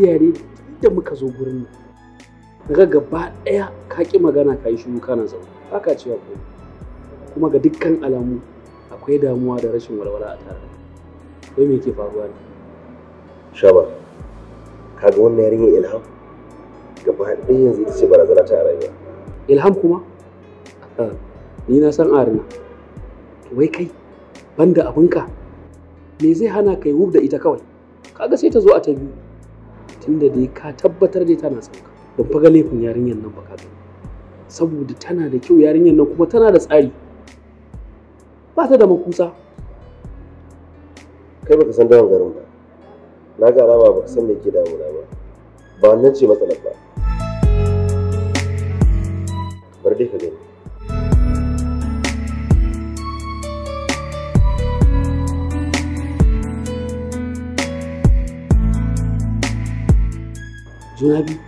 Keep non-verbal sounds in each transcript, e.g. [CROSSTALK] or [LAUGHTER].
tafiya da muka zo gurin nan ga gaba ɗaya ka ƙi magana ka yi shiru kana zaune haka cewa ko kuma ga dukkan alamu akwai damuwa da rashin walwala a tare wai me ke faruwa ne shaba ga wannan yarinyar ilham gaba ɗaya yanzu ita ce barazana ta rayuwa ilham kuma ah, ni na san arina wai kai banda abinka me zai hana kai wub da ita kawai kaga sai ta zo a ta biyu tunda dai ka tabbatar dai tana son ka ban fa ga laifin yarinyar nan ba ka saboda tana da kyau yarinyar nan kuma tana da tsari ba ta da makusa kai baka san dawon garin ba na ga alama ba san me ke damuna ba ba wannan ce matsalar ba bar dai ka gani juna biyu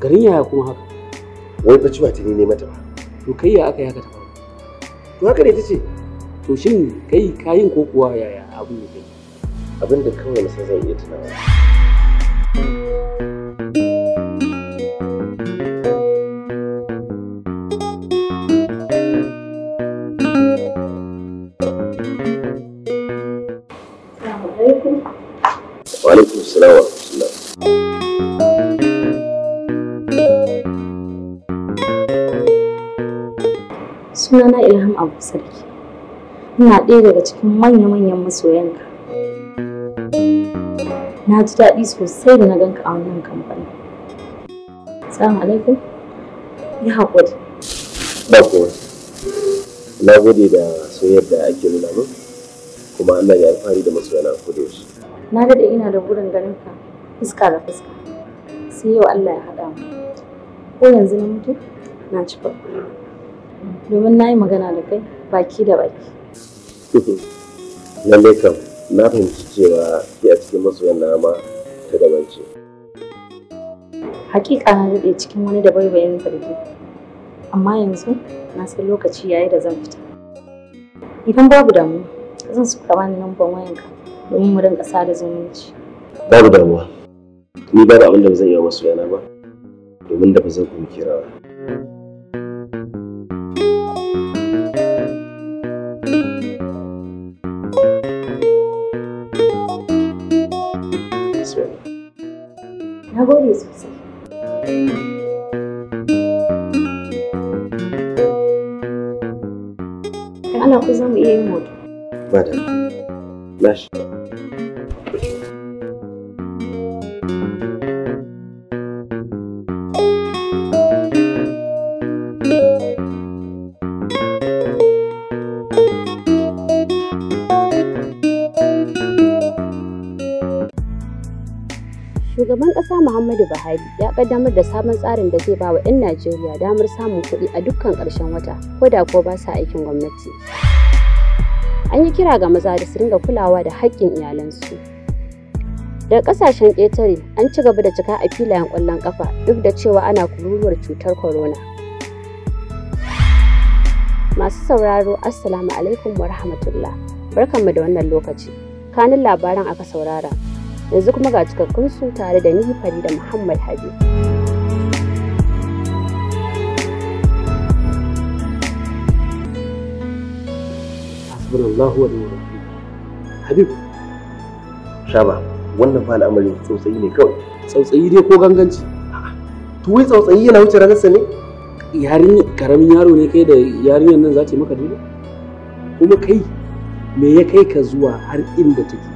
garin yaya kuma haka wai bacci ba ta ne mata ba to kai ya aka yi haka ta faru to haka ne ta ce to shin kai kayin ko kuwa yaya abin da kai abin kawai na san zan iya tunawa sunana ilham abu sarki ina ɗaya daga cikin manya-manyan masoyanka na ji daɗi sosai da na ganka a wannan kamfani salamu alaikum ya haƙuri ba kowa na gode da soyar da ake nuna min kuma Allah ya alfahari da masoyana a da yaushe na daɗe ina da wurin ganin ka fuska da fuska sai yau Allah ya haɗa mu ko yanzu na mutu na ci farko domin na yi magana da kai baki da baki. [LAUGHS] Lallai kam na fahimci cewa ke a cikin masoyan na ma ta daban ce. Hakika na daɗe cikin wani da bayan zargi, amma yanzu na san lokaci yayi da zan fita. Idan babu damuwa, zan suka bani lambar wayanka domin mu rinka sada zumunci. Babu damuwa, ni babu abin da ba zan yi wa masoyana ba, domin da ba zan kuma kira ba. shugaban ƙasa Muhammadu Buhari ya kaddamar da sabon tsarin da zai ba wa 'yan Najeriya damar samun kuɗi a dukkan ƙarshen wata, ko da ko ba sa aikin gwamnati. An yi kira ga maza da su ringa kulawa da haƙƙin iyalansu. Daga ƙasashen ƙetare an ci gaba da cika a filayen ƙwallon ƙafa duk da cewa ana kururuwar cutar korona. Masu sauraro, Assalamu alaikum wa rahmatullah. Barkanmu da wannan lokaci. Kanin labaran aka saurara. yanzu kuma ga cikakkun su tare da ni Farida Muhammad Habib. Hasbunallahu wa Habib Shaba wannan fa al'amari tsautsayi ne kawai tsautsayi dai ko ganganci to wai tsautsayi yana wuce ranarsa ne yarin karamin yaro ne kai da yarinyar nan za ta maka dole kuma kai me ya kai ka zuwa har inda take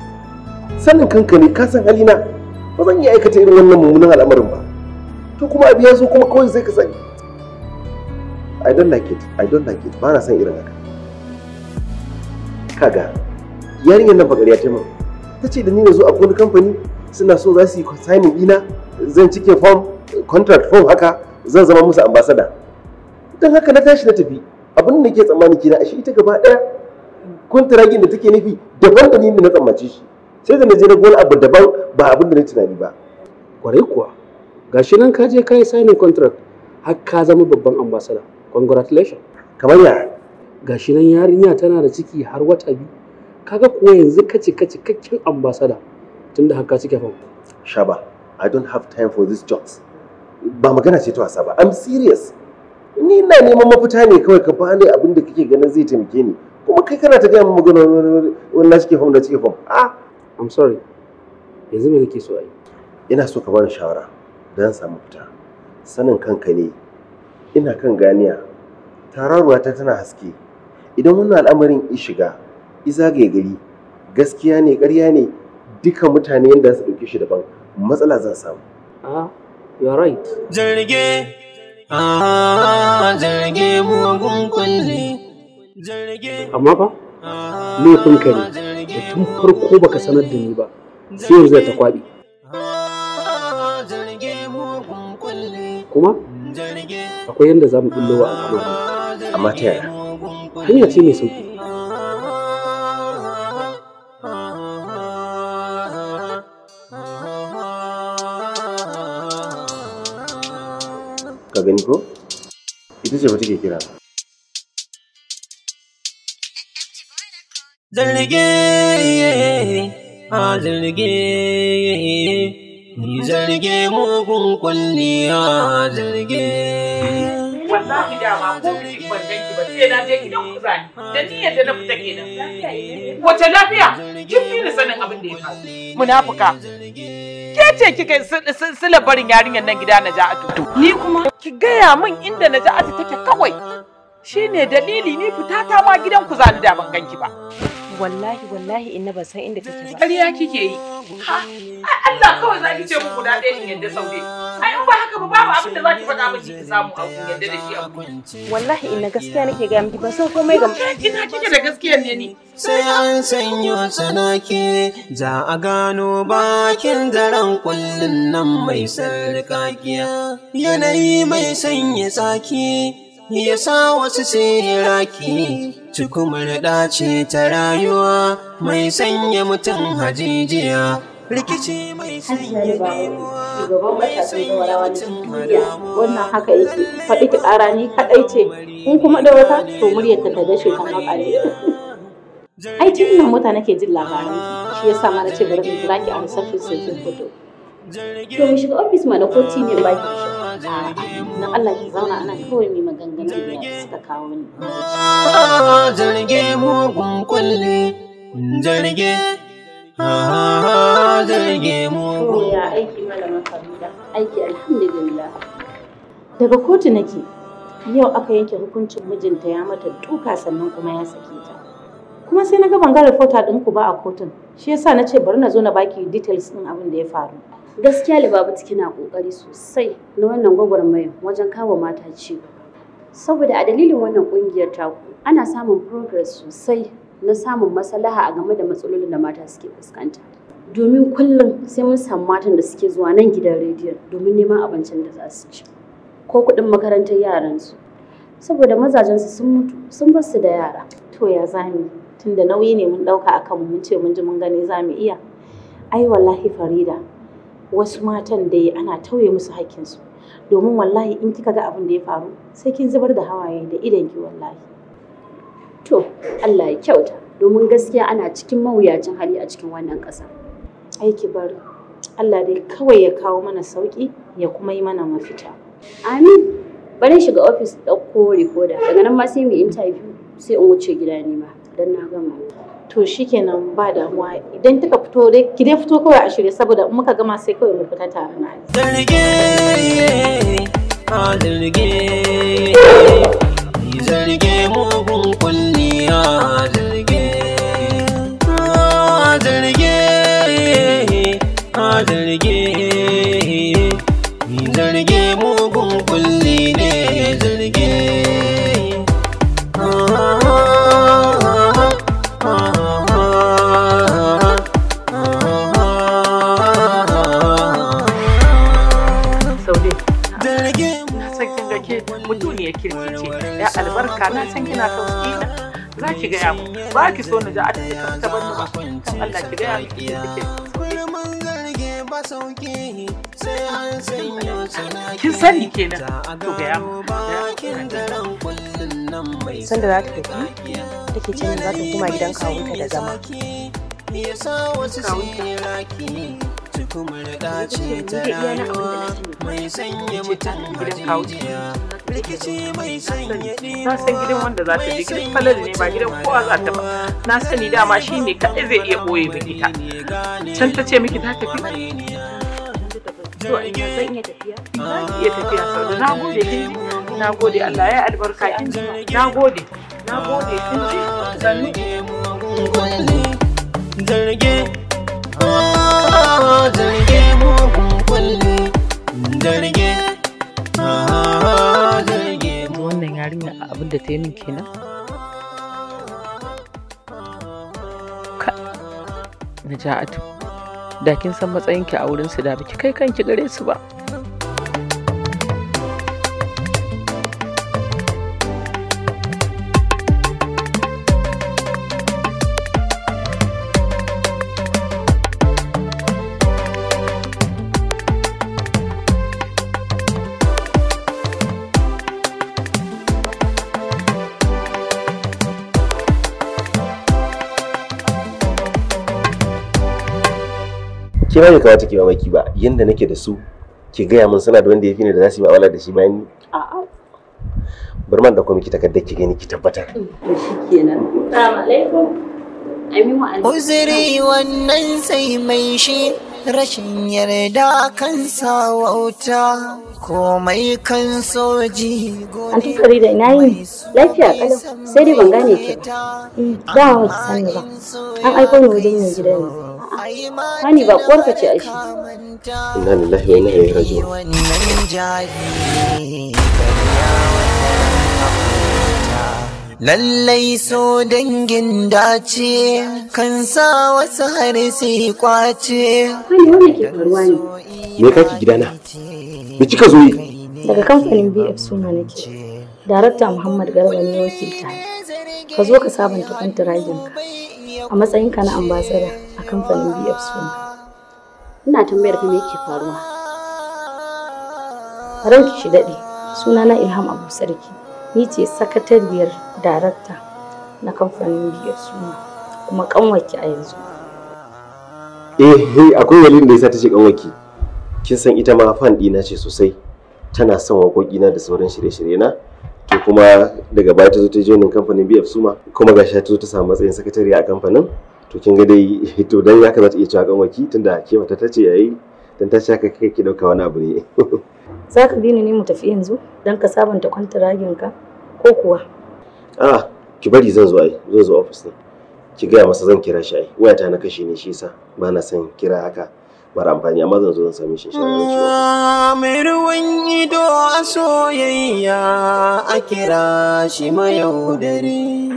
sanin kanka ne ka san halina ba zan iya aikata irin wannan mummunan al'amarin ba to kuma abu ya zo kuma kawai sai ka sani i don't like it i don't like it ba na san irin haka kaga yarinyar nan bakariya ta min ta ce da ni na zo a wani kamfani suna so za su yi signing ina zan cike form contract form haka zan zama musu ambassador don haka na tashi na tafi abin da ke tsammani kina a shi ita gaba daya kuntaragin da take nufi daban da ni na tsammace shi sai da na je na gol abu daban ba abin da na tunani ba kwarai kuwa gashi nan ka je ka yi signing contract har ka zama babban ambassador congratulations kamar ya gashi nan yarinya tana da ciki har wata biyu kaga kuwa yanzu ka ci kakkin ambassador tunda har ka cike fam shaba i don't have time for these jokes ba magana ce ta wasa ba i'm serious ni ina neman mafita ne kawai ka bani abin da kake ganin zai taimake ni kuma kai kana ta gaya min magana na cike fam da cike fam ah I'm sorry. Yanzu me kake so a yi? Ina so ka bani shawara don samu fita. Sanin kanka ne. Ina kan ganiya. Tararwa ta tana haske. Idan wannan al'amarin i shiga, i zagaye gari, gaskiya ne, ƙarya ne, duka mutane yadda su ɗauke shi daban, matsala zan samu. Ah, you are right. Jirge, ah, jirge mugun kulli. Jirge. Amma ba? laifin kun ne. da tun farko baka sanar da ni ba sai yanzu ta kwaɓi kuma akwai yadda za mu ɓullo wa al'amari amma ta yaya hanya ce mai sauki ka gani ko ita ce ba take kira ba zarge a zarge ni zarge mugun a zarge wallahi dama ko ki ban danki ba sai na je gidan ku zani da niyyar da na fita kenan wace lafiya kin fi ni sanin abin da ya faru munafuka ke ce kika silabarin yarinyar nan gida na ja'atu ni kuma ki gaya min inda na ja'atu take kawai shine dalili ni fita ta ma gidan ku zalu da ban ganki ba wallahi wallahi inna ban san inda kake ba ƙarya kike yi ha Allah kawai za ki ce mu guda ɗaya in yadda saude ai in ba haka ba babu abin da ki faɗa miki ki samu a kun yadda da shi a wallahi inna gaskiya nake ga miki ban san komai ga kina kike da gaskiya ne ni sai an sanyo tsanaki za a gano bakin daren kullun nan mai sarƙaƙiya yanayi mai sanya tsaki ya sa wasu siraki cikumar ce ta rayuwa mai sanya mutum hajijiya rikici mai sanya damuwa mai sanya mutum wannan haka yake faɗi ki ƙara ni kaɗai ce in kuma da wata to muryar ta gashe ta makale [LAUGHS] ai tun nan mota ke jin labarin shi yasa ma na ce bari in jira ki a reception sai kin hoto To mu shiga ofis ma na ci ne ba ki shi. Na Allah ki zauna ana kawai mai maganganun da suka kawo ni. Jirge mugun kulli, jirge, jirge mugun. ya aiki mana Farida, aiki alhamdulillah. Daga kotu nake, yau aka yanke hukuncin mijinta ya mata duka sannan kuma ya sake ta. Kuma sai na ga ban ga report ɗinku ba a kotun. Shi yasa na ce bari na zo na baki details ɗin abin da ya faru. gaskiya tiki kina kokari sosai na wannan gwagwarmayar wajen kawo mata ci saboda a dalilin wannan kungiyar taku ana samun progress sosai na samun maslaha a game da matsalolin da mata suke fuskanta domin kullum sai mun samu matan da suke zuwa nan gidan rediyon domin neman abincin da za su ci ko kuɗin makarantar yaransu saboda mazajensu sun mutu sun bar su da yara to ya zami tunda nauyi ne mun ɗauka akan mun ce mun ji mun gani za mu iya ai wallahi farida wasu matan da ana tauye musu hakkin su, domin wallahi in kika ga abin da ya faru sai kin zubar da hawaye da ki wallahi to Allah ya kyauta domin gaskiya ana cikin mawuyacin hali a cikin wannan ƙasa aiki bar Allah dai kawai ya kawo mana sauki ya kuma yi mana mafita amin bari shiga ofis ɗauko rikoda daga nan ma sai mu interview sai in wuce gida ne ma don na gama to shikenan ba damuwa idan kika fito dai ki dai fito kawai a shirye saboda in muka gama sai kawai mu fita tare na zarge a zarge zarge mugun kulliya zarge zarge zarge zarge kana na san kina tausayi na za ki gaya mu ba ki so na ji a cikin ta ban ba kan Allah ki gaya miki da kike ba sauki sai an sana kin sani kenan to gaya mu sanda za ta tafi take cewa za ta kuma gidan kawunta da zama yasa wasu suke raki tukumar ce ta rayuwa mai sanya mutum kawunta na san gidan wanda za ta je gidan falali ne ba gidan kowa za ta ba na sani dama shi ne kaɗai zai iya ɓoye miki ta can ta ce miki ta tafi zan iya tafiya iya tafiya sau da na gode kin na gode Allah ya albarka kin na gode na gode kin ji zarge ah, zarge mugun zarge ah, ah, yarinya a abin da ta yi min kenan ka ja'atu da kin san matsayinki a wurin su da biki kai kanki gare su ba ke ma bai kamata ki mamaki ba yanda nake da su ki gaya min suna da wanda ya fi ni da za su yi ma'amala da shi bayan ni da kuma ki takardar ki gani ki tabbatar mm, shikenan Uzuri wannan sai mai shi rashin yarda kan sa wauta komai kan soji An tsari da ina yi lafiya kalau sai dai ban gane ki ba. Mm, ba wa sani ba. An aiko ni wajen yin gidan ne. hani ba ƙwarka ce ashi inna lillahi wa inna ilaihi raji'un Lallai so dangin dace kan sa wasu harshe kwace. Hani wanda ke faruwa ne? Me kaki gidana? Me kika zo yi? Daga kamfanin BF suna nake. Darakta Muhammad Garba ne wakilta. Ka zo ka sabanta kwantiragin ka. a matsayinka na ambasada a kamfanin BF suna, Ina tambayar ka me yake faruwa. Ranki shi daɗe, na Ilham Abu Sarki, ni ce sakatariyar darakta na kamfanin BF suna, kuma kanwarki a yanzu. Eh, akwai walin da yasa ta ce kanwarki. Kin san ita ma fan ɗina ce sosai, tana son waƙoƙina da sauran shirye-shirye na. kuma daga baya ta zo ta joinin kamfanin bf suma kuma gashi ta zo ta samu matsayin sakatariya a kamfanin to kin ga dai [LAUGHS] to dan ya kamata iya cewa gamaki tunda ke mata ta ce yayi dan ta ce kai ki dauka wani abu ne [LAUGHS] za ka bi ni ne mu tafi yanzu dan ka sabunta kwantiragin ka ko kuwa ah ki bari zan zo ai zan zo office ne ki gaya masa zan kira shi ai wayata na kashe ne shi yasa ba na son kira haka mara amfani amma zan zo zan same shi insha ah, mai ruwan ido a soyayya a kira shi mayaudari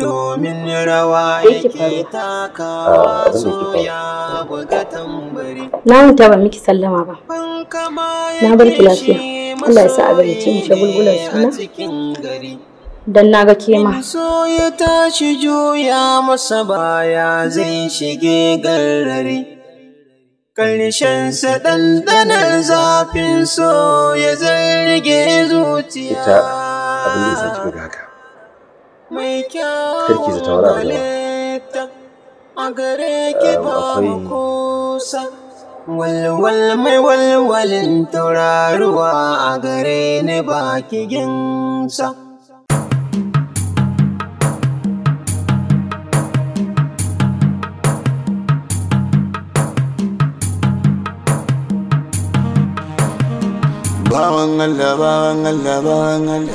domin rawa yake ah, soya buga tambari na huta ba miki sallama ba na bar ki lafiya Allah ya sa a gari ce mu shagulgulan suna dan na ga kema. ya tashi juya masa baya zai shige garrari. sa ɗanɗanar zafin so ya zarge zuciya. Ita abin da ya sa ga haka. Mai Karki zata wani abu eh, Akwai Walwal mai walwalin tauraruwa a gare ni ba kiginsa. bawan Allah bawan Allah Allah Allah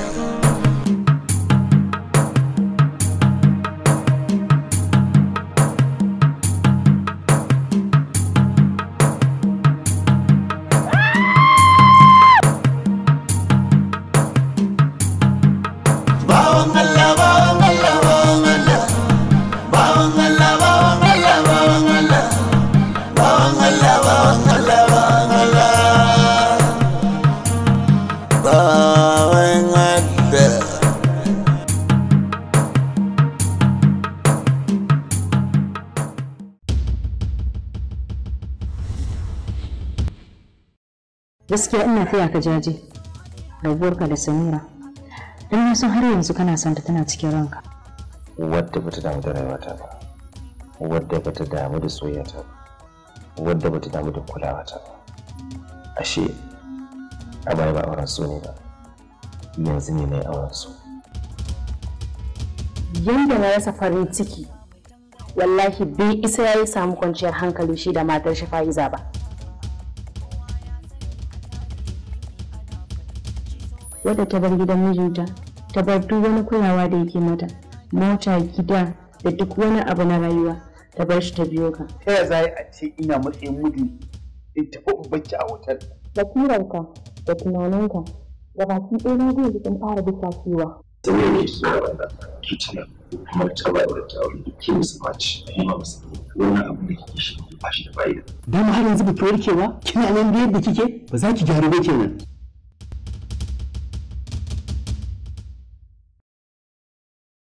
lafiya ka jaje raguwarka da samira don na san har yanzu kana santa ta tana cikin ranka wadda bata damu da rayuwata ba wadda bata damu da soyayyata ba wadda bata damu da kulawata ba ashe a baya ba auren so ne ba yanzu ne na yi auren so yadda na rasa farin ciki wallahi bai isa ya yi samu kwanciyar hankali shi da matar shi fa'iza ba wadda ta bar gidan mijinta ta bar duk wani kulawa da yake mata mota gida da duk wani abu na rayuwa ta bar shi ta biyo ka ta ya za a ce ina matsayin mudu in taɓa in bacci a hotel basiranka da tunaninka da baki ɗaya na gudu sun fara da cewa sai ne su da wanda kitchen kamar taba da tauri ke musu baci kuma musu wannan abu da ke shi ba shi da bayan. dama har yanzu ba ki warkewa kina nan da yadda kike ba za ki gyaru ba kenan